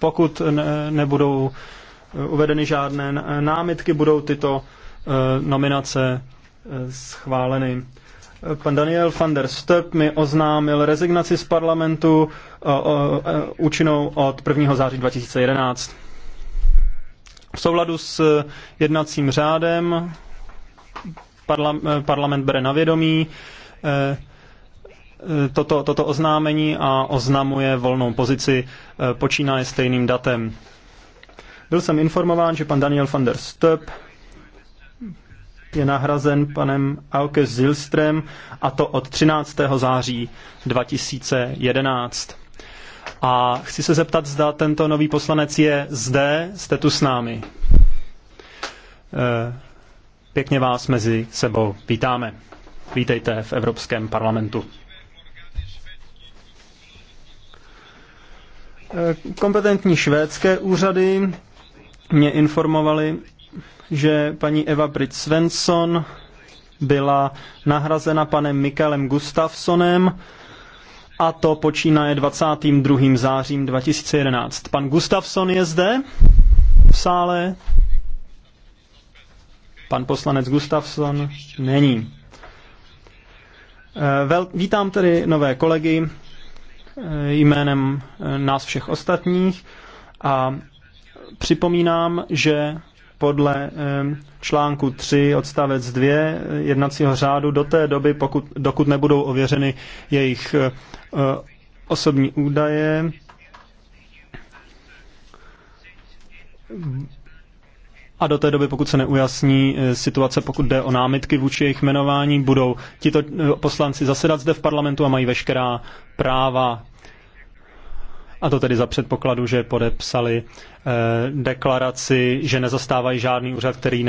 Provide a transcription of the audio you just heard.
Pokud nebudou eh, uvedeny žádné eh, námitky, budou tyto eh, nominace schváleny. Pan Daniel van der Stöp mi oznámil rezignaci z parlamentu účinnou od 1. září 2011. V souladu s jednacím řádem parla, parlament bere na vědomí Eh, toto, toto oznámení a oznamuje volnou pozici, eh, počínaje stejným datem. Byl jsem informován, že pan Daniel van der Stöp je nahrazen panem Auke Zilstrem a to od 13. září 2011. A chci se zeptat, zda tento nový poslanec je zde, jste tu s námi. Eh, pěkně vás mezi sebou vítáme. Vítejte v Evropském parlamentu. Eh, kompetentní švédské úřady mě informovali, že paní Eva Britt Svensson byla nahrazena panem Mikelem Gustafsonem a to počínaje 22. zářím 2011. Pan Gustafson je zde v sále. Pan poslanec Gustafson není. Eh, vítám tedy nové kolegy Eh, jménem eh, nás všech ostatních a připomínám, že podle eh, článku 3 odstavec 2 jednacího řádu do té doby, pokud, dokud nebudou ověřeny jejich osobní údaje, a do té doby, pokud se neujasní eh, situace, pokud jde o námitky vůči jejich jmenování, budou tito eh, poslanci zasedat zde v parlamentu a mají veškerá práva. A to tedy za předpokladu, že podepsali eh, deklaraci, že nezastávají žádný úřad, který není.